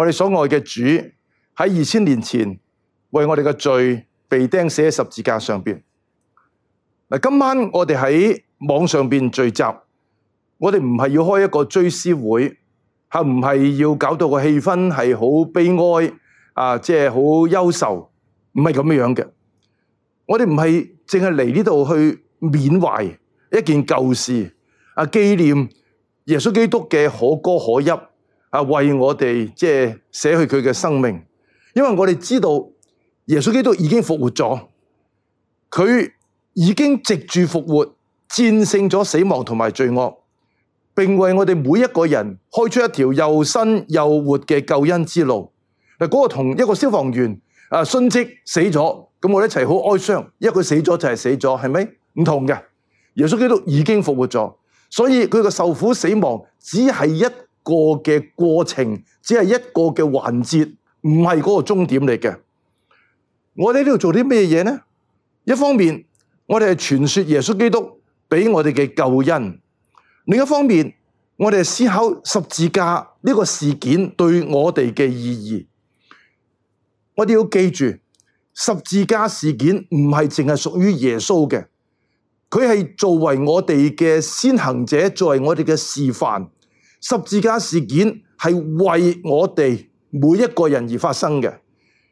我哋所愛嘅主喺二千年前為我哋嘅罪被釘死喺十字架上面。嗱，今晚我哋喺網上面聚集，我哋唔係要開一個追思會，係唔係要搞到個氣氛係好悲哀啊？即係好憂愁，唔係咁嘅樣嘅。我哋唔係淨係嚟呢度去緬懷一件舊事啊，紀念耶穌基督嘅可歌可泣。啊，為我哋即係捨去佢嘅生命，因為我哋知道耶穌基督已經復活咗，佢已經藉住復活戰勝咗死亡同埋罪惡，並為我哋每一個人開出一條又新又活嘅救恩之路。嗱，嗰個同一個消防員啊殉職死咗，咁我哋一齊好哀傷，因為佢死咗就係死咗，係咪唔同嘅？耶穌基督已經復活咗，所以佢嘅受苦死亡只係一。個嘅過程只係一個嘅環節，唔係嗰個終點嚟嘅。我哋呢度做啲咩嘢呢？一方面，我哋係傳說耶穌基督俾我哋嘅救恩；另一方面，我哋係思考十字架呢個事件對我哋嘅意義。我哋要記住，十字架事件唔係淨係屬於耶穌嘅，佢係作為我哋嘅先行者，作為我哋嘅示範。十字架事件係為我哋每一個人而發生嘅，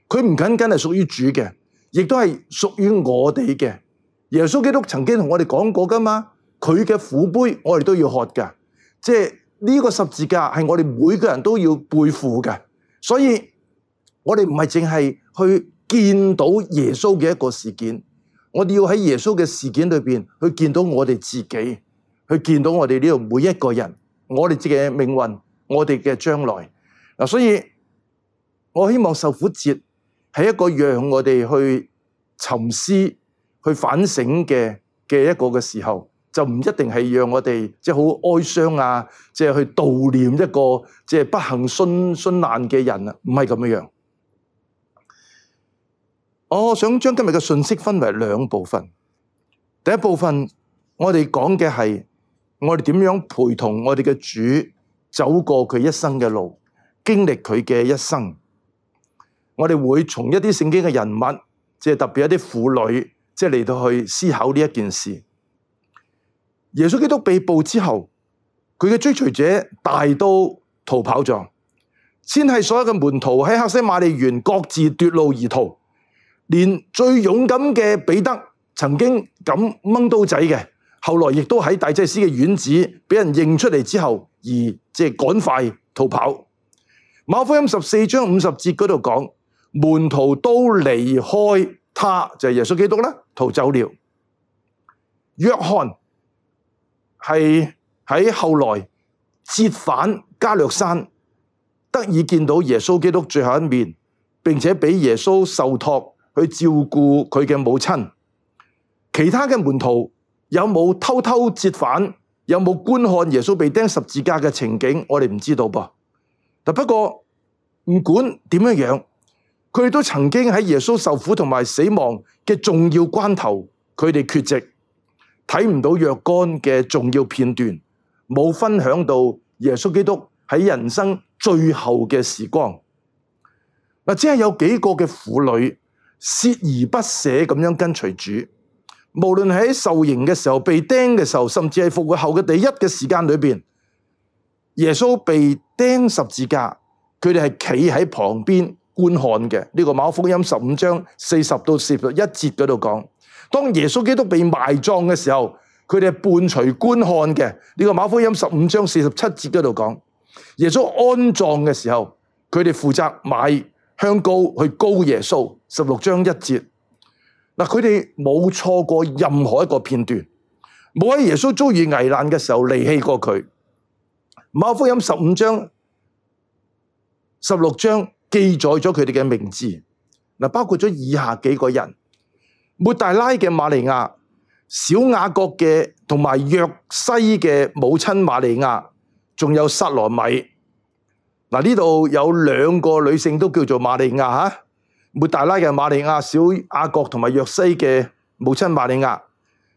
佢唔僅僅係屬於主嘅，亦都係屬於我哋嘅。耶穌基督曾經同我哋講過㗎嘛，佢嘅苦杯我哋都要喝㗎，即係呢、這個十字架係我哋每個人都要背負嘅。所以，我哋唔係淨係去見到耶穌嘅一個事件，我哋要喺耶穌嘅事件裏面去見到我哋自己，去見到我哋呢度每一個人。我哋自己嘅命運，我哋嘅將來，啊、所以我希望受苦節係一個讓我哋去沉思、去反省嘅嘅一個嘅時候，就唔一定係讓我哋即係好哀傷啊，即係去悼念一個即係不幸殉殉難嘅人啊，唔係咁樣。我想將今日嘅信息分為兩部分，第一部分我哋講嘅係。我哋點樣陪同我哋嘅主走過佢一生嘅路，經歷佢嘅一生？我哋會從一啲聖經嘅人物，即係特別一啲婦女，即係嚟到去思考呢一件事。耶穌基督被捕之後，佢嘅追隨者大都逃跑咗，先係所有嘅門徒喺客西馬尼園各自奪路而逃，連最勇敢嘅彼得曾經敢掹刀仔嘅。後來亦都喺大祭司嘅院子俾人認出嚟之後，而即趕快逃跑。馬可福音十四章五十節嗰度講，門徒都離開他，就係、是、耶穌基督啦，逃走了。約翰係喺後來折返加略山，得以見到耶穌基督最後一面，並且俾耶穌受託去照顧佢嘅母親。其他嘅門徒。有冇偷偷折返？有冇觀看耶穌被釘十字架嘅情景？我哋唔知道噃。但不過唔管點樣樣，佢哋都曾經喺耶穌受苦同埋死亡嘅重要關頭，佢哋缺席，睇唔到若干嘅重要片段，冇分享到耶穌基督喺人生最後嘅時光。嗱，只係有幾個嘅婦女鍥而不捨咁樣跟隨主。無論喺受刑嘅時候，被釘嘅時候，甚至係復活後嘅第一嘅時間裏面，耶穌被釘十字架，佢哋係企喺旁邊觀看嘅。呢、這個馬可音十五章四十到四十一節嗰度講，當耶穌基督被埋葬嘅時候，佢哋係伴隨觀看嘅。呢、這個馬可音十五章四十七節嗰度講，耶穌安葬嘅時候，佢哋負責買香膏去膏耶穌。十六章一節。嗱，佢哋冇錯過任何一個片段，冇喺耶穌遭遇危難嘅時候離棄過佢。馬可福音十五章、十六章記載咗佢哋嘅名字，包括咗以下幾個人：抹大拉嘅瑪利亞、小雅各嘅同埋約西嘅母親瑪利亞，仲有撒羅米。嗱，呢度有兩個女性都叫做瑪利亞吓。抹大拉嘅瑪利亞、小雅各同埋約西嘅母親瑪利亞，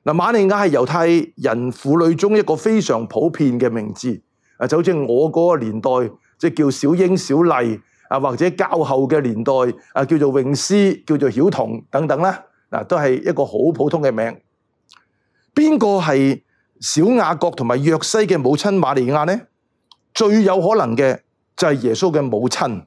嗱，瑪利亞係猶太人婦女中一個非常普遍嘅名字，就好似我嗰個年代即係叫小英、小麗啊，或者較後嘅年代啊，叫做詠詩、叫做曉彤等等啦，嗱，都係一個好普通嘅名。邊個係小雅各同埋約西嘅母親瑪利亞呢？最有可能嘅就係耶穌嘅母親。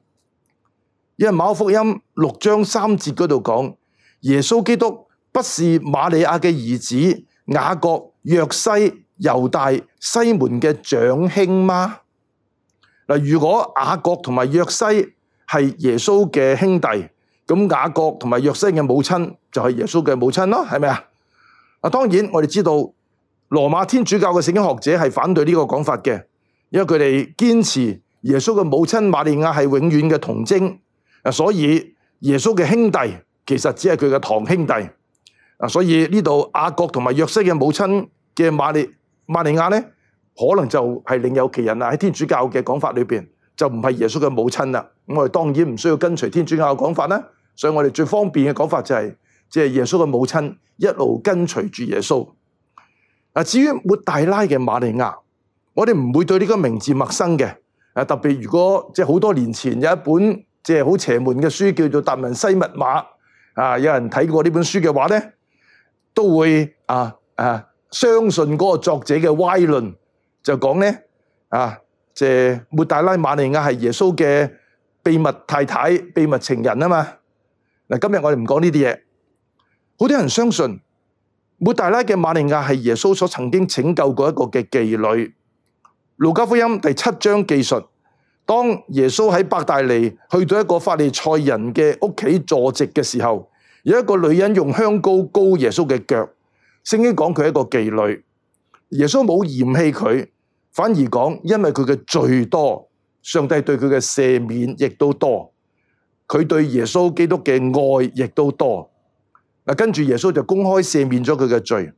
因為馬可福音六章三節嗰度講，耶穌基督不是瑪利亞嘅兒子雅各、約西、猶大、西門嘅長兄嗎？嗱，如果雅各同埋約西係耶穌嘅兄弟，咁雅各同埋約西嘅母親就係耶穌嘅母親咯，係咪啊？啊，當然我哋知道羅馬天主教嘅聖經學者係反對呢個講法嘅，因為佢哋堅持耶穌嘅母親瑪利亞係永遠嘅童貞。所以耶穌嘅兄弟其實只係佢嘅堂兄弟。所以呢度雅各同埋約瑟嘅母親嘅瑪利瑪利亞呢，可能就係另有其人啦。喺天主教嘅講法裏面，就唔係耶穌嘅母親啦。我哋當然唔需要跟隨天主教嘅講法啦。所以我哋最方便嘅講法就係、是，即係耶穌嘅母親一路跟隨住耶穌。至於抹大拉嘅瑪利亞，我哋唔會對呢個名字陌生嘅。啊，特別如果即係好多年前有一本。即係好邪門嘅書，叫做《達文西密碼》啊！有人睇過呢本書嘅話呢，都會啊啊相信嗰個作者嘅歪論，就講呢：「啊，即係抹大拉瑪利亞係耶穌嘅秘密太太、秘密情人啊嘛！嗱，今日我哋唔講呢啲嘢。好多人相信抹大拉嘅瑪利亞係耶穌所曾經拯救過一個嘅妓女。路加福音第七章記述。當耶穌喺伯大尼去到一個法利賽人嘅屋企坐席嘅時候，有一個女人用香膏膏耶穌嘅腳。聖經講佢係一個妓女，耶穌冇嫌棄佢，反而講，因為佢嘅罪多，上帝對佢嘅赦免亦都多，佢對耶穌基督嘅愛亦都多。跟住耶穌就公開赦免咗佢嘅罪。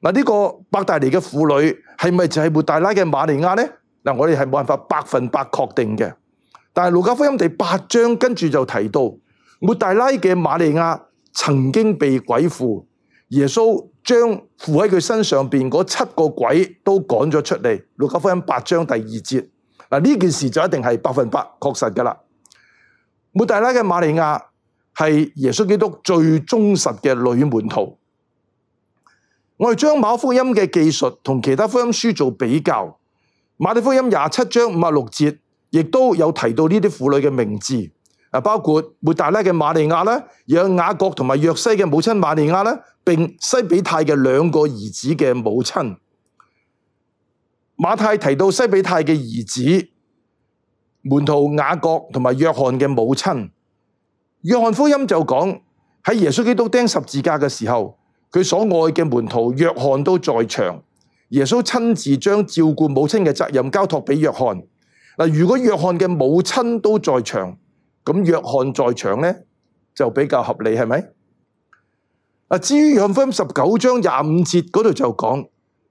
嗱，呢個伯大尼嘅婦女係咪就係抹大拉嘅馬利亞呢？我哋係冇辦法百分百確定嘅，但係路加福音第八章跟住就提到抹大拉嘅瑪利亞曾經被鬼附，耶穌將附喺佢身上邊嗰七個鬼都趕咗出嚟。路加福音八章第二節，嗱，呢件事就一定係百分百確實噶啦。抹大拉嘅瑪利亞係耶穌基督最忠實嘅女門徒。我哋將馬可福音嘅記述同其他福音書做比較。馬太福音廿七章五十六節，亦都有提到呢啲婦女嘅名字，包括抹大拉嘅瑪利亞啦，有雅各同埋約西嘅母親瑪利亞啦，並西比泰嘅兩個兒子嘅母親。馬太提到西比泰嘅兒子門徒雅各同埋約翰嘅母親。約翰福音就講喺耶穌基督釘十字架嘅時候，佢所愛嘅門徒約翰都在場。耶穌親自將照顧母親嘅責任交託俾約翰。如果約翰嘅母親都在場，咁約翰在場呢就比較合理，係咪？嗱，至於《約翰福音》十九章廿五節嗰度就講，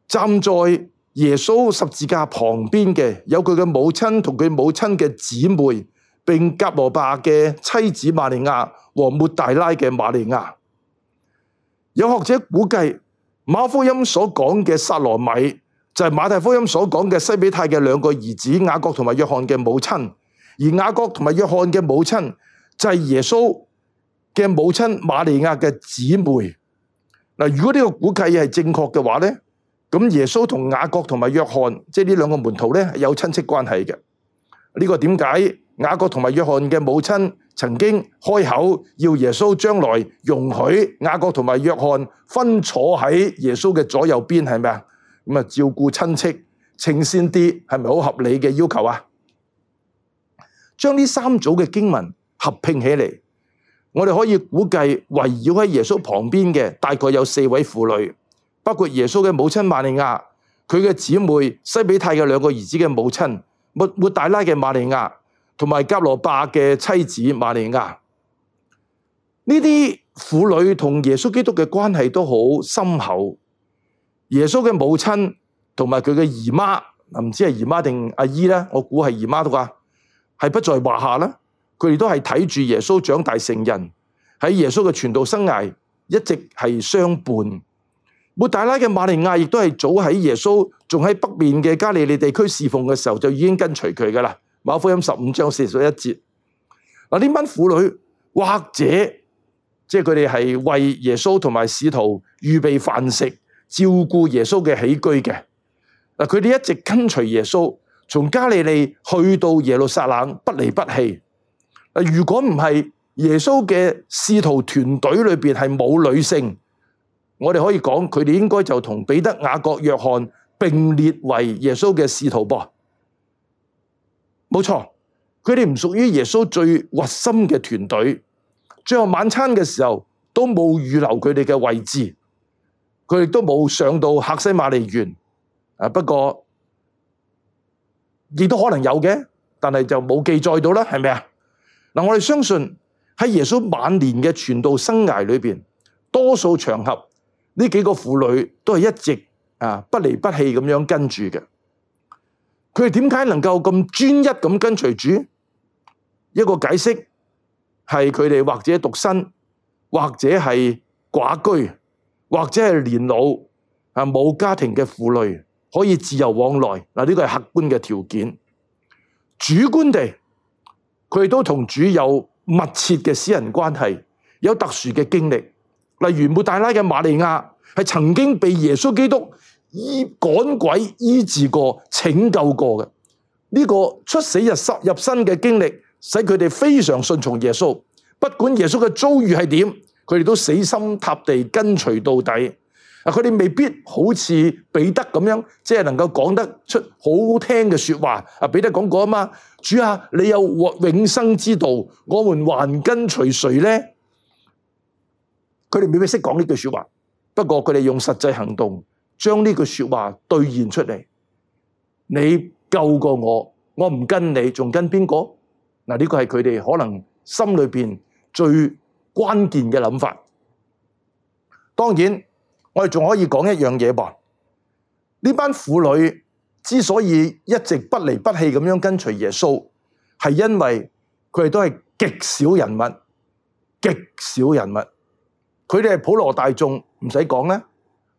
站在耶穌十字架旁邊嘅有佢嘅母親同佢母親嘅姊妹，並革羅罷嘅妻子瑪利亞和抹大拉嘅瑪利亞。有學者估計。馬福音所講嘅撒羅米就係、是、馬太福音所講嘅西比泰嘅兩個兒子雅各同埋約翰嘅母親，而雅各同埋約翰嘅母親就係、是、耶穌嘅母親馬利亞嘅姊妹。如果呢個估計係正確嘅話咧，咁耶穌同雅各同埋約翰即係呢兩個門徒呢咧有親戚關係嘅。呢、這個點解？雅各同埋約翰嘅母親？曾經開口要耶穌將來容許雅各同埋約翰分坐喺耶穌嘅左右邊，係咪啊？咁啊照顧親戚，情善啲，係咪好合理嘅要求啊？將呢三組嘅經文合併起嚟，我哋可以估計圍繞喺耶穌旁邊嘅大概有四位婦女，包括耶穌嘅母親瑪利亞，佢嘅姊妹西比泰嘅兩個兒子嘅母親，抹抹大拉嘅瑪利亞。同埋迦羅巴嘅妻子馬利亞，呢啲婦女同耶穌基督嘅關係都好深厚。耶穌嘅母親同埋佢嘅姨媽，唔知係姨媽定阿姨咧，我估係姨媽都啩，係不在話下啦。佢哋都係睇住耶穌長大成人，喺耶穌嘅傳道生涯一直係相伴。抹大拉嘅馬利亞亦都係早喺耶穌仲喺北面嘅加利利地區侍奉嘅時候，就已經跟隨佢㗎喇。馬福音十五章四十一節，嗱，呢班婦女或者即係佢哋係為耶穌同埋使徒預備飯食，照顧耶穌嘅起居嘅。嗱，佢哋一直跟隨耶穌，從加利利去到耶路撒冷，不離不棄。嗱，如果唔係耶穌嘅使徒團隊裏面係冇女性，我哋可以講佢哋應該就同彼得、雅各、約翰並列為耶穌嘅使徒噃。冇錯，佢哋唔屬於耶穌最核心嘅團隊。最後晚餐嘅時候都冇預留佢哋嘅位置，佢哋都冇上到客西馬尼園。啊，不過亦都可能有嘅，但係就冇記載到啦，係咪啊？嗱，我哋相信喺耶穌晚年嘅傳道生涯裏邊，多數場合呢幾個婦女都係一直不離不棄咁樣跟住嘅。佢哋點解能夠咁專一咁跟隨主？一個解釋係佢哋或者獨身，或者係寡居，或者係年老啊，冇家庭嘅負累，可以自由往來。嗱，呢個係客觀嘅條件。主觀地，佢哋都同主有密切嘅私人關係，有特殊嘅經歷。例如抹大拉嘅瑪利亞，係曾經被耶穌基督。醫趕鬼、醫治過、拯救過嘅呢、這個出死入生嘅經歷，使佢哋非常順從耶穌。不管耶穌嘅遭遇係點，佢哋都死心塌地跟隨到底。啊，佢哋未必好似彼得咁樣，即係能夠講得出好聽嘅說話。啊，彼得講過啊嘛，主啊，你有永生之道，我們還跟隨誰呢？佢哋未必識講呢句說話，不過佢哋用實際行動，將呢句說話兌現出嚟，你救過我，我唔跟你，仲跟邊個？嗱，呢個係佢哋可能心裏面最關鍵嘅諗法。當然，我哋仲可以講一樣嘢噃。呢班婦女之所以一直不離不棄咁樣跟隨耶穌，係因為佢哋都係極小人物，極小人物，佢哋係普羅大眾，唔使講啦。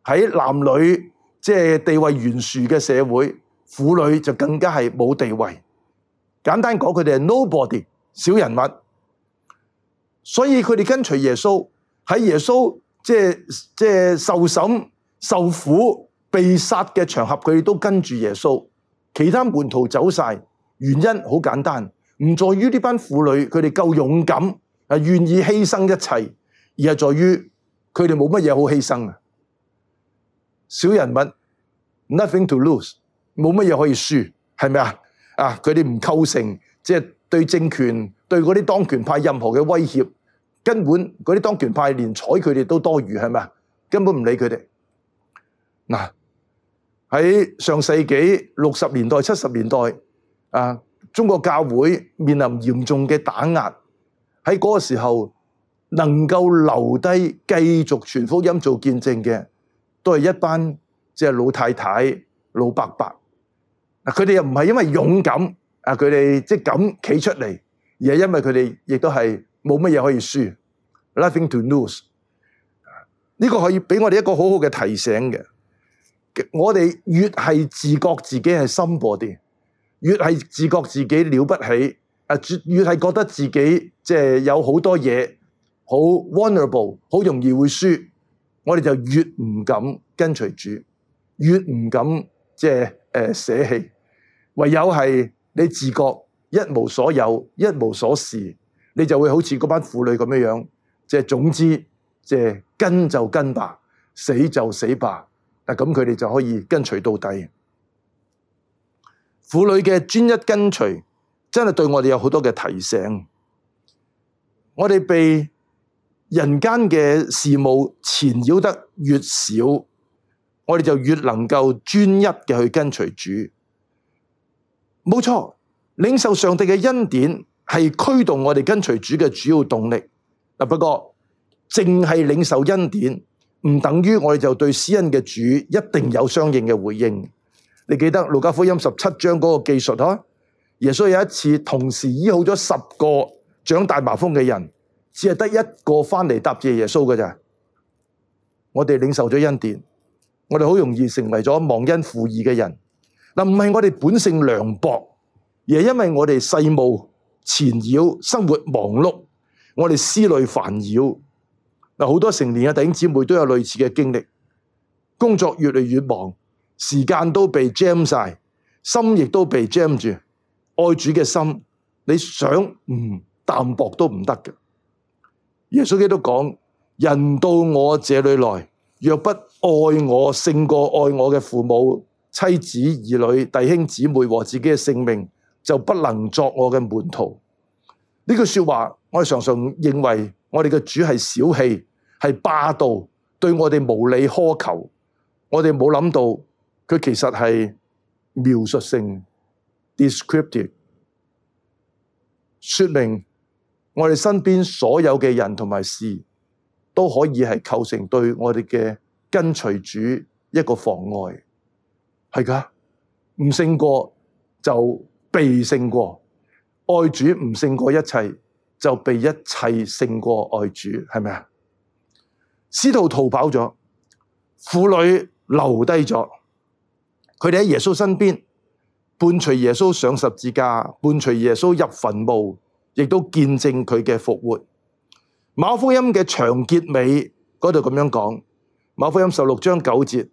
喺男女即地位懸殊嘅社會，婦女就更加係冇地位。簡單講，佢哋係 nobody，小人物。所以佢哋跟隨耶穌喺耶穌即係，即係受審、受苦、被殺嘅場合，佢哋都跟住耶穌。其他門徒走曬，原因好簡單，唔在於呢班婦女佢哋夠勇敢係願意犧牲一切，而係在於佢哋冇乜嘢好犧牲啊！小人物，nothing to lose，冇乜嘢可以輸，係咪啊？啊，佢哋唔構成即係、就是、對政權、對嗰啲當權派任何嘅威脅，根本嗰啲當權派連睬佢哋都多餘，係咪啊？根本唔理佢哋。嗱、啊，喺上世紀六十年代、七十年代啊，中國教會面臨嚴重嘅打壓，喺嗰個時候能夠留低繼續傳福音做見證嘅。都係一班老太太、老伯伯，嗱，佢哋又唔係因為勇敢啊，佢哋即係敢企出嚟，而係因為佢哋亦都係冇乜嘢可以輸，nothing to lose。呢個可以俾我哋一個好好嘅提醒嘅。我哋越係自覺自己係深薄啲，越係自覺自己了不起，啊越係覺得自己有好多嘢好 vulnerable，好容易會輸。我哋就越唔敢跟隨主，越唔敢即係誒、就是呃、捨棄，唯有係你自覺一無所有、一無所事，你就會好似嗰班婦女咁樣樣。即、就是、總之，即、就是、跟就跟吧，死就死吧。嗱、啊、咁，佢哋就可以跟隨到底。婦女嘅專一跟隨，真係對我哋有好多嘅提醒。我哋被人間嘅事務纏繞得越少，我哋就越能夠專一嘅去跟隨主。冇錯，領受上帝嘅恩典係驅動我哋跟隨主嘅主要動力。嗱，不過淨係領受恩典唔等於我哋就對施恩嘅主一定有相應嘅回應。你記得路加福音十七章嗰個記述嗬？耶穌有一次同時醫好咗十個長大麻風嘅人。只係得一個返嚟答謝耶穌嘅啫。我哋領受咗恩典，我哋好容易成為咗忘恩負義嘅人。嗱，唔係我哋本性涼薄，而係因為我哋世務纏繞，生活忙碌，我哋思慮煩擾。嗱，好多成年嘅弟兄姊妹都有類似嘅經歷。工作越嚟越忙，時間都被 jam 晒，心亦都被 jam 住。愛主嘅心，你想唔淡薄都唔得嘅。耶穌基督講：人到我這裏來，若不愛我勝過愛我嘅父母、妻子、兒女、弟兄、姊妹和自己嘅性命，就不能作我嘅門徒。呢句說話，我常常認為我哋嘅主係小氣、係霸道，對我哋無理苛求。我哋冇諗到佢其實係描述性 （descriptive） 說明。我哋身邊所有嘅人同埋事都可以係構成對我哋嘅跟隨主一個妨礙，係噶，唔勝過就被勝過，愛主唔勝過一切就被一切勝過愛主，係咪啊？司徒逃跑咗，婦女留低咗，佢哋喺耶穌身邊伴隨耶穌上十字架，伴隨耶穌入墳墓。亦都見證佢嘅復活。馬福音嘅長結尾嗰度咁樣講，馬福音十六章九節，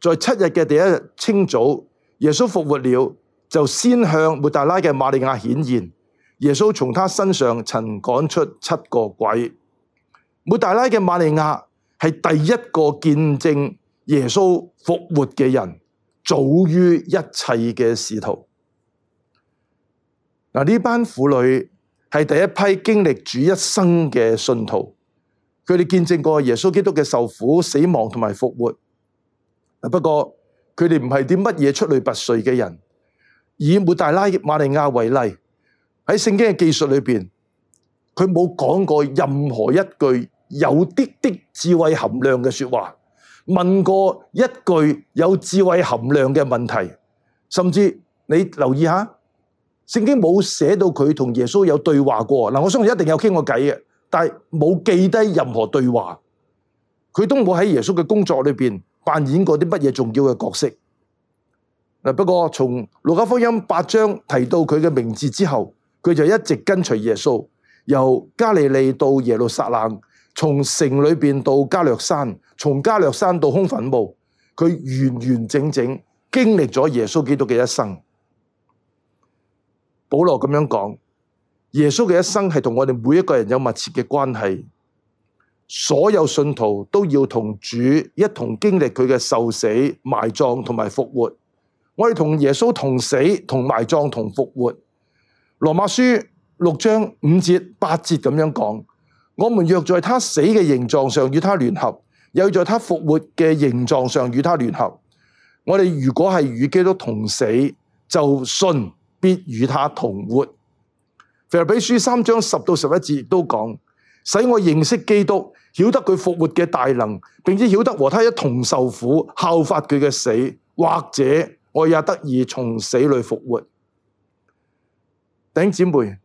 在七日嘅第一日清早，耶穌復活了，就先向抹大拉嘅瑪利亞顯現。耶穌從他身上曾趕出七個鬼。抹大拉嘅瑪利亞係第一個見證耶穌復活嘅人，早於一切嘅使徒。」嗱，呢班婦女。係第一批經歷主一生嘅信徒，佢哋見證過耶穌基督嘅受苦、死亡同埋復活。不過佢哋唔係啲乜嘢出類拔萃嘅人。以抹大拉馬利亞為例，喺聖經嘅記述裏面，佢冇講過任何一句有啲啲智慧含量嘅說話，問過一句有智慧含量嘅問題，甚至你留意下。聖經冇寫到佢同耶穌有對話過。我相信一定有傾過偈嘅，但係冇記低任何對話。佢都冇喺耶穌嘅工作裏面扮演過啲乜嘢重要嘅角色。不過從路加福音八章提到佢嘅名字之後，佢就一直跟隨耶穌，由加利利到耶路撒冷，從城裏面到加略山，從加略山到空墳墓，佢完完整整整經歷咗耶穌基督嘅一生。保羅咁樣講，耶穌嘅一生係同我哋每一個人有密切嘅關係，所有信徒都要同主一同經歷佢嘅受死、埋葬同埋復活。我哋同耶穌同死、同埋葬、同復活。羅馬書六章五節八節咁樣講：我們若在他死嘅形狀上與他聯合，又要在他復活嘅形狀上與他聯合。我哋如果係與基督同死，就信。必與他同活。腓立比書三章十到十一節都講，使我認識基督，曉得佢復活嘅大能，並且曉得和他一同受苦，效法佢嘅死，或者我也得以從死裏復活。弟兄姊妹，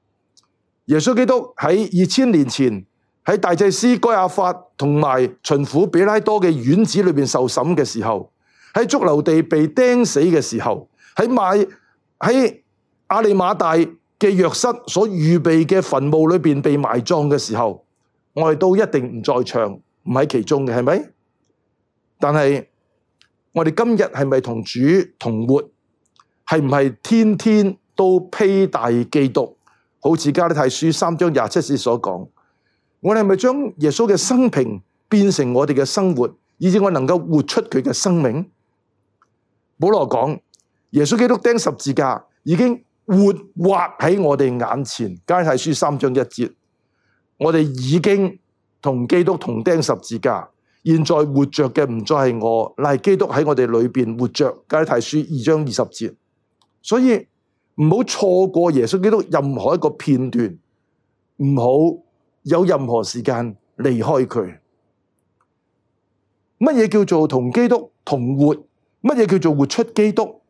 耶穌基督喺二千年前喺大祭司該亞法同埋巡撫比拉多嘅院子裏邊受審嘅時候，喺髑髏地被釘死嘅時候，喺賣喺。亞利馬太嘅約瑟所預備嘅墳墓裏面被埋葬嘅時候，我哋都一定唔在場，唔喺其中嘅，係咪？但係我哋今日係咪同主同活？係唔係天天都披戴基督？好似加拉太書三章廿七節所講，我哋係咪將耶穌嘅生平變成我哋嘅生活，以致我能夠活出佢嘅生命？保羅講耶穌基督釘十字架已經。活畫喺我哋眼前，加拉太書三章一節，我哋已經同基督同釘十字架。現在活着嘅唔再係我，乃係基督喺我哋裏邊活着。加拉太書二章二十節。所以唔好錯過耶穌基督任何一個片段，唔好有任何時間離開佢。乜嘢叫做同基督同活？乜嘢叫做活出基督？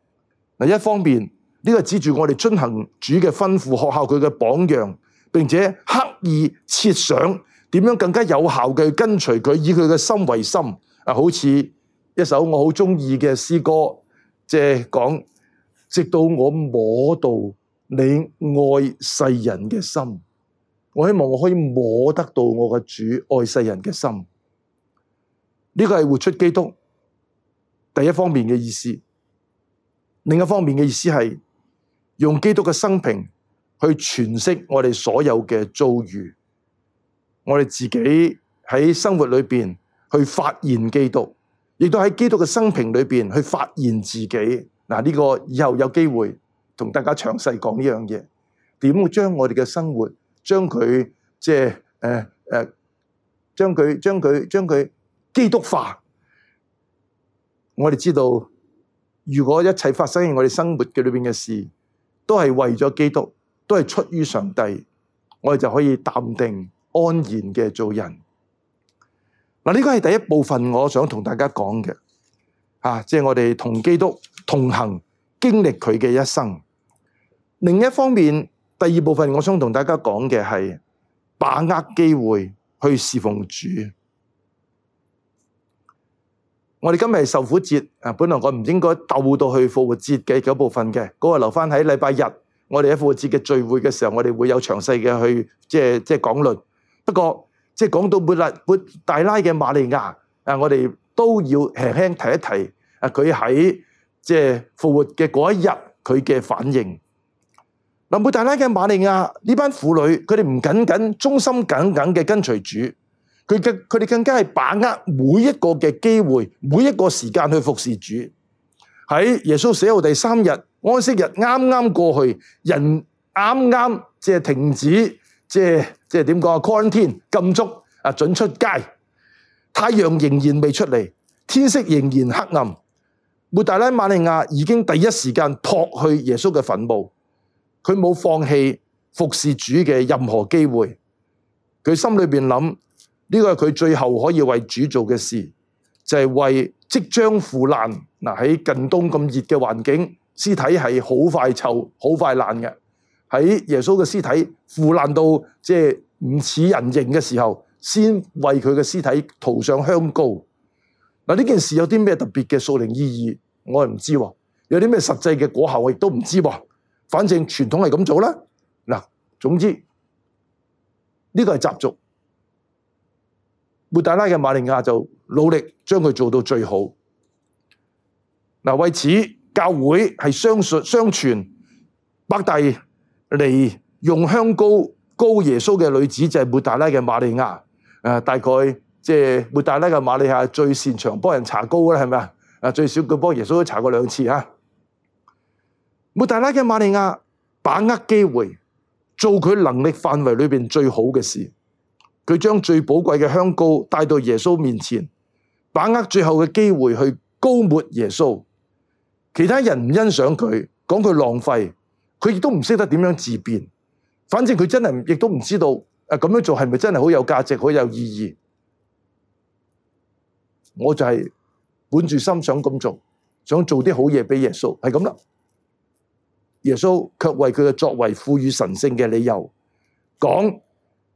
嗱，一方面。呢個指住我哋遵行主嘅吩咐，學效佢嘅榜樣，並且刻意設想點樣更加有效嘅跟隨佢，以佢嘅心為心。好似一首我好中意嘅詩歌，即係講直到我摸到你愛世人嘅心，我希望我可以摸得到我嘅主愛世人嘅心。呢、這個係活出基督第一方面嘅意思，另一方面嘅意思係。用基督嘅生平去詮釋我哋所有嘅遭遇，我哋自己喺生活裏邊去發現基督，亦都喺基督嘅生平裏邊去發現自己。嗱，呢個以後有機會同大家詳細講呢樣嘢，點樣將我哋嘅生活將佢即係誒誒，將佢、呃、將佢將佢基督化。我哋知道，如果一切發生喺我哋生活嘅裏邊嘅事。都係為咗基督，都係出於上帝，我哋就可以淡定安然嘅做人。嗱，呢個係第一部分我想同大家講嘅，啊，即係我哋同基督同行，經歷佢嘅一生。另一方面，第二部分我想同大家講嘅係，把握機會去侍奉主。我哋今日係受苦節，本來我唔應該鬥到去復活節嘅嗰部分嘅，嗰個留返喺禮拜日。我哋喺復活節嘅聚會嘅時候，我哋會有詳細嘅去即係講論。不過即講到抹大抹大拉嘅瑪利亞啊，我哋都要輕輕提一提啊！佢喺即復活嘅嗰一日，佢嘅反應。嗱，抹大拉嘅瑪利亞呢班婦女，佢哋唔僅僅忠心耿耿嘅跟隨主，佢哋更加係把握每一個嘅機會，每一個時間去服侍主。喺耶穌死後第三日安息日啱啱過去，人啱啱即係停止，即係即係點講啊？天禁足啊，准出街。太陽仍然未出嚟，天色仍然黑暗。抹大拉馬利亞已經第一時間撲去耶穌嘅墳墓，佢冇放棄服侍主嘅任何機會。佢心裏邊諗。呢個係佢最後可以為主做嘅事，就係、是、為即將腐爛，嗱，喺近東咁熱嘅環境，屍體係好快臭、好快爛嘅。喺耶穌嘅屍體腐爛到即係唔似人形嘅時候，先為佢嘅屍體塗上香膏。嗱，呢件事有啲咩特別嘅屬靈意義，我係唔知喎。有啲咩實際嘅果效，我亦都唔知喎。反正傳統係咁做啦。嗱，總之呢、這個係習俗。抹大拉嘅馬利亞就努力將佢做到最好。嗱，為此教會係相傳相傳，伯大尼嚟用香膏膏耶穌嘅女子就係抹大拉嘅馬利亞。大概即係抹大拉嘅馬利亞最擅長幫人搽膏啦，係咪啊？最少佢幫耶穌都搽過兩次吓。抹大拉嘅馬利亞把握機會做佢能力範圍裏邊最好嘅事。佢將最寶貴嘅香膏帶到耶穌面前，把握最後嘅機會去膏抹耶穌。其他人唔欣賞佢，講佢浪費，佢亦都唔識得點樣自辯。反正佢真係亦都唔知道誒，啊，咁樣做係咪真係好有價值、好有意義？我就係本住心想咁做，想做啲好嘢俾耶穌，係咁啦。耶穌卻為佢嘅作為賦予神聖嘅理由，講。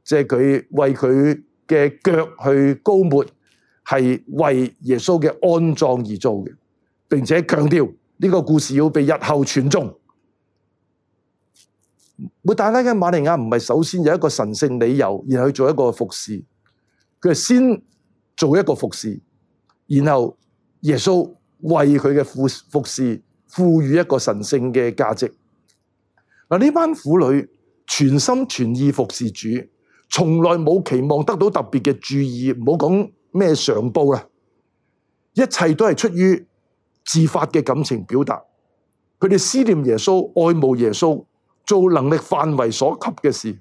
即係佢為佢嘅腳去高抹，係為耶穌嘅安葬而做嘅，並且強調呢個故事要被日後傳頌。抹大拉嘅馬利亞唔係首先有一個神聖理由，然後去做一個服侍，佢係先做一個服侍，然後耶穌為佢嘅服服侍賦予一個神聖嘅價值。嗱，呢班婦女全心全意服侍主，從來冇期望得到特別嘅注意，唔好講咩上報啦。一切都係出於自發嘅感情表達。佢哋思念耶穌、愛慕耶穌，做能力範圍所及嘅事，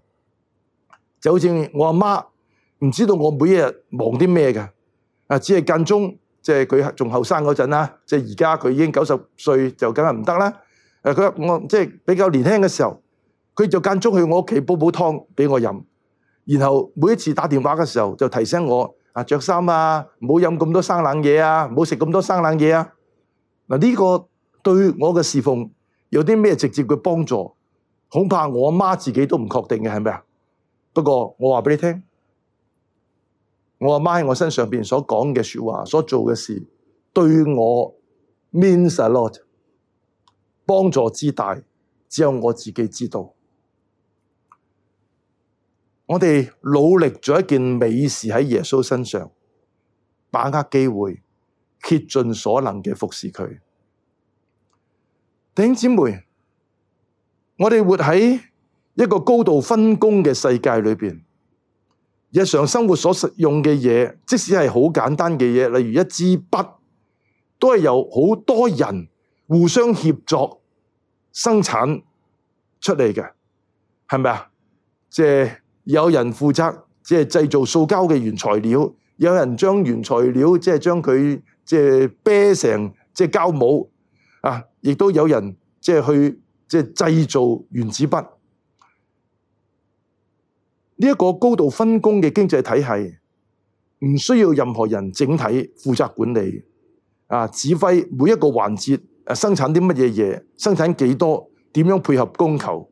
就好似我阿媽，唔知道我每一日忙啲咩嘅。啊，只係間中，即係佢仲後生嗰陣啦，即係而家佢已經九十歲，就梗係唔得啦。誒，佢話我即係比較年輕嘅時候，佢就間中去我屋企煲煲湯俾我飲。然後每一次打電話嘅時候就提醒我啊著衫啊，唔好飲咁多生冷嘢啊，唔好食咁多生冷嘢啊。嗱、這、呢個對我嘅侍奉有啲咩直接嘅幫助？恐怕我媽自己都唔確定嘅係咩啊。不過我話俾你聽，我阿媽喺我身上邊所講嘅説話、所做嘅事，對我 means a lot，幫助之大，只有我自己知道。我哋努力做一件美事喺耶穌身上，把握機會，竭盡所能嘅服侍佢。弟兄姊妹，我哋活喺一個高度分工嘅世界裏邊，日常生活所使用嘅嘢，即使係好簡單嘅嘢，例如一支筆，都係由好多人互相協作生產出嚟嘅，係咪啊？即係。有人負責即係製造塑膠嘅原材料，有人將原材料即係將佢即係啤成即係膠帽，啊，亦都有人即係去即係製造原子筆。呢一個高度分工嘅經濟體系，唔需要任何人整體負責管理啊，指揮每一個環節誒生產啲乜嘢嘢，生產幾多，點樣配合供求。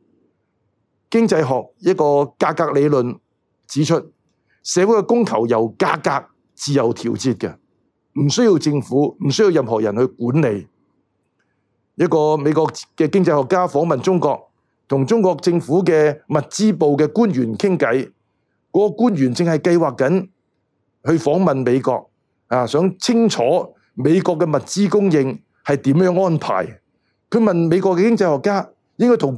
經濟學一個價格理論指出，社會嘅供求由價格自由調節嘅，唔需要政府，唔需要任何人去管理。一個美國嘅經濟學家訪問中國，同中國政府嘅物資部嘅官員傾偈，嗰個官員正係計劃緊去訪問美國，啊，想清楚美國嘅物資供應係點樣安排。佢問美國嘅經濟學家應該同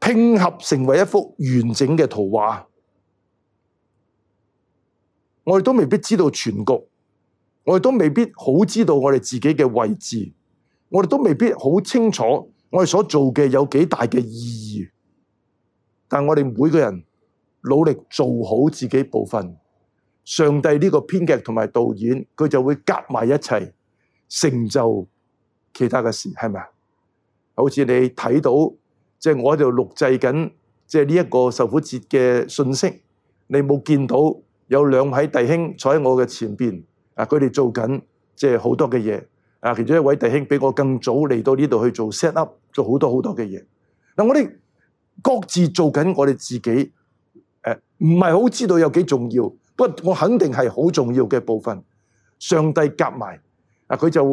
拼合成為一幅完整嘅圖畫，我哋都未必知道全局，我哋都未必好知道我哋自己嘅位置，我哋都未必好清楚我哋所做嘅有幾大嘅意義。但我哋每個人努力做好自己部分，上帝呢個編劇同埋導演，佢就會夾埋一齊成就其他嘅事，係咪啊？好似你睇到。即係、就是、我喺度錄製緊，即係呢一個受苦節嘅信息。你冇見到有兩位弟兄坐喺我嘅前邊，啊，佢哋做緊即係好多嘅嘢。啊，其中一位弟兄比我更早嚟到呢度去做 set up，做好多好多嘅嘢、mm.。嗱 ans，ha, 我哋各自做緊我哋自己，誒、啊，唔係好知道有幾重要，不過我肯定係好重要嘅部分。上帝夾埋，啊，佢就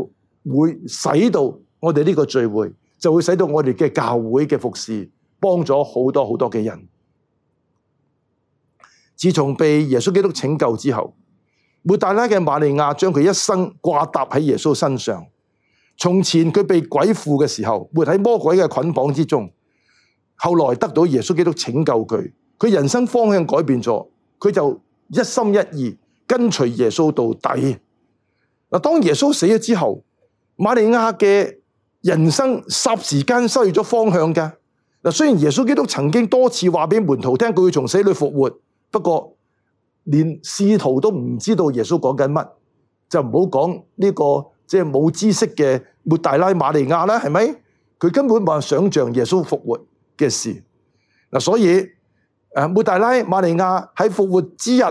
會使到我哋呢個聚會。就會使到我哋嘅教會嘅服侍幫咗好多好多嘅人。自從被耶穌基督拯救之後，抹大拉嘅瑪利亞將佢一生掛搭喺耶穌身上。從前佢被鬼附嘅時候，活喺魔鬼嘅捆綁之中。後來得到耶穌基督拯救佢，佢人生方向改變咗，佢就一心一意跟隨耶穌到底。嗱，當耶穌死咗之後，瑪利亞嘅人生霎時間失去咗方向噶。嗱，雖然耶穌基督曾經多次話俾門徒聽，佢要從死裏復活，不過連使徒都唔知道耶穌講緊乜，就唔好講呢個即係冇知識嘅抹大拉瑪利亞啦，係咪？佢根本冇想象耶穌復活嘅事，所以誒，抹大拉瑪利亞喺復活之日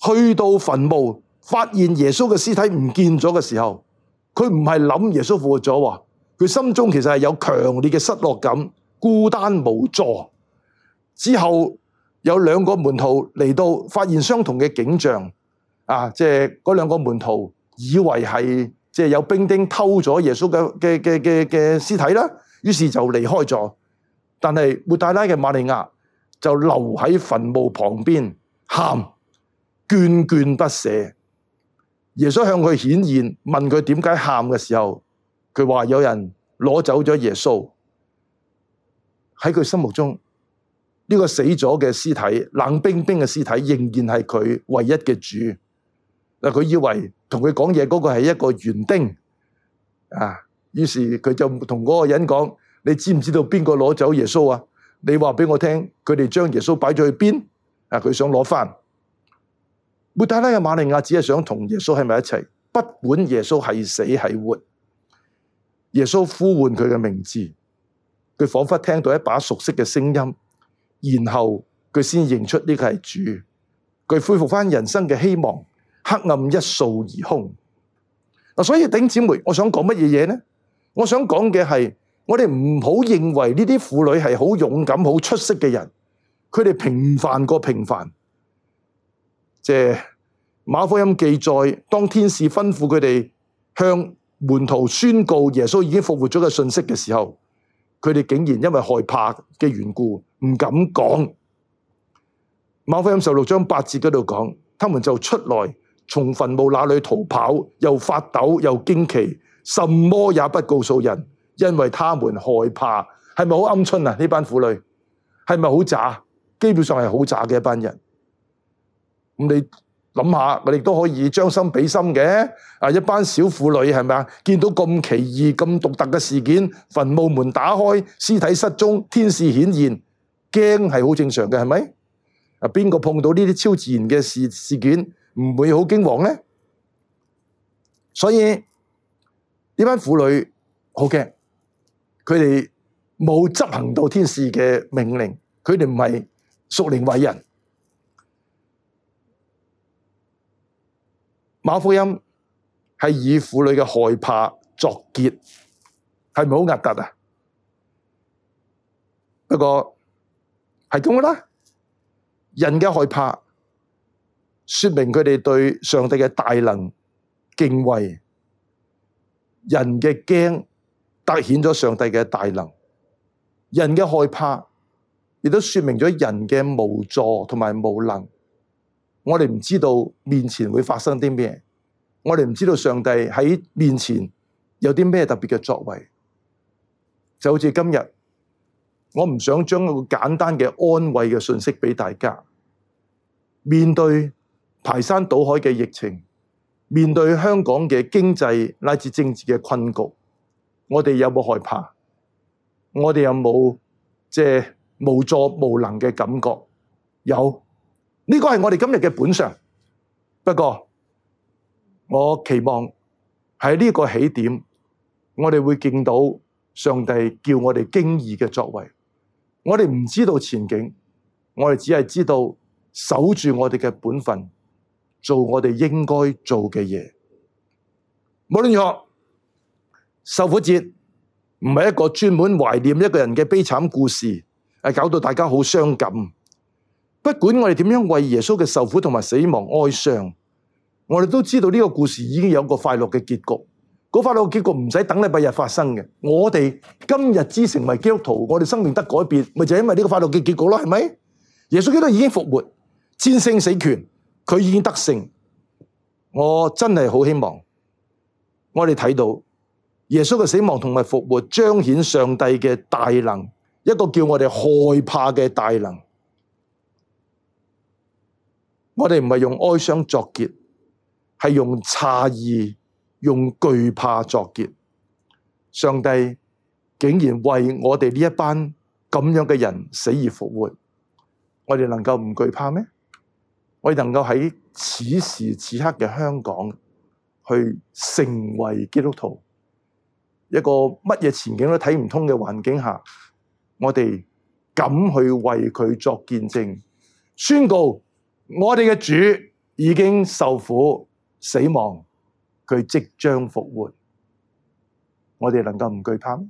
去到墳墓，發現耶穌嘅屍體唔見咗嘅時候，佢唔係諗耶穌復活咗喎。佢心中其實係有強烈嘅失落感、孤單無助。之後有兩個門徒嚟到，發現相同嘅景象，啊，即係嗰兩個門徒以為係即、就是、有兵丁偷咗耶穌嘅嘅嘅嘅屍體啦，於是就離開咗。但係抹大拉嘅瑪利亞就留喺墳墓旁邊喊，眷眷不捨。耶穌向佢顯現，問佢點解喊嘅時候。佢話有人攞走咗耶穌，喺佢心目中呢、這個死咗嘅屍體、冷冰冰嘅屍體，仍然係佢唯一嘅主。嗱，佢以為同佢講嘢嗰個係一個園丁啊，於是佢就同嗰個人講：你知唔知道邊個攞走耶穌啊？你話畀我聽，佢哋將耶穌擺咗去邊啊？佢想攞翻。抹大拉嘅馬利亞只係想同耶穌喺埋一齊，不管耶穌係死係活。耶穌呼喚佢嘅名字，佢仿佛聽到一把熟悉嘅聲音，然後佢先認出呢個係主，佢恢復翻人生嘅希望，黑暗一掃而空。所以頂姊妹，我想講乜嘢嘢呢？我想講嘅係，我哋唔好認為呢啲婦女係好勇敢、好出色嘅人，佢哋平凡過平凡。即係馬可福音記載，當天使吩咐佢哋向門徒宣告耶穌已經復活咗嘅信息嘅時候，佢哋竟然因為害怕嘅緣故唔敢講。馬可福音十六章八節嗰度講，他們就出來從墳墓那裏逃跑，又發抖又驚奇，什麼也不告訴人，因為他們害怕。係咪好鵪鶉啊？呢班婦女係咪好渣？基本上係好渣嘅一班人。咁你？諗下，我哋都可以將心比心嘅。一班小婦女係咪啊？見到咁奇異、咁獨特嘅事件，墳墓門打開，屍體失蹤，天使顯現，驚係好正常嘅，係咪？啊，邊個碰到呢啲超自然嘅事事件，唔會好驚惶呢？所以呢班婦女好驚，佢哋冇執行到天使嘅命令，佢哋唔係屬靈偉人。馬可福音係以婦女嘅害怕作結，係咪好突兀啊？不過係咁啦，人嘅害怕說明佢哋對上帝嘅大能敬畏，人嘅驚凸顯咗上帝嘅大能，人嘅害怕亦都說明咗人嘅無助同埋無能。我哋唔知道面前會發生啲咩，我哋唔知道上帝喺面前有啲咩特別嘅作為，就好似今日，我唔想將一個簡單嘅安慰嘅信息畀大家。面對排山倒海嘅疫情，面對香港嘅經濟乃至政治嘅困局，我哋有冇害怕？我哋有冇即係無助無能嘅感覺？有。呢個係我哋今日嘅本相。不過我期望喺呢個起點，我哋會見到上帝叫我哋驚異嘅作為。我哋唔知道前景，我哋只係知道守住我哋嘅本分，做我哋應該做嘅嘢。無論如何，受苦節唔係一個專門懷念一個人嘅悲慘故事，誒，搞到大家好傷感。不管我哋點樣為耶穌嘅受苦同埋死亡哀傷，我哋都知道呢個故事已經有個快樂嘅結局。嗰、那個、快樂嘅結局唔使等禮拜日發生嘅。我哋今日之成為基督徒，我哋生命得改變，咪就係因為呢個快樂嘅結果咯？係咪？耶穌基督已經復活，戰勝死權，佢已經得勝。我真係好希望，我哋睇到耶穌嘅死亡同埋復活，彰顯上帝嘅大能，一個叫我哋害怕嘅大能。我哋唔係用哀傷作結，係用詫異、用懼怕作結。上帝竟然為我哋呢一班咁樣嘅人死而復活，我哋能夠唔懼怕咩？我哋能夠喺此時此刻嘅香港去成為基督徒，一個乜嘢前景都睇唔通嘅環境下，我哋敢去為佢作見證、宣告。我哋嘅主已經受苦死亡，佢即將復活，我哋能夠唔懼怕嗎？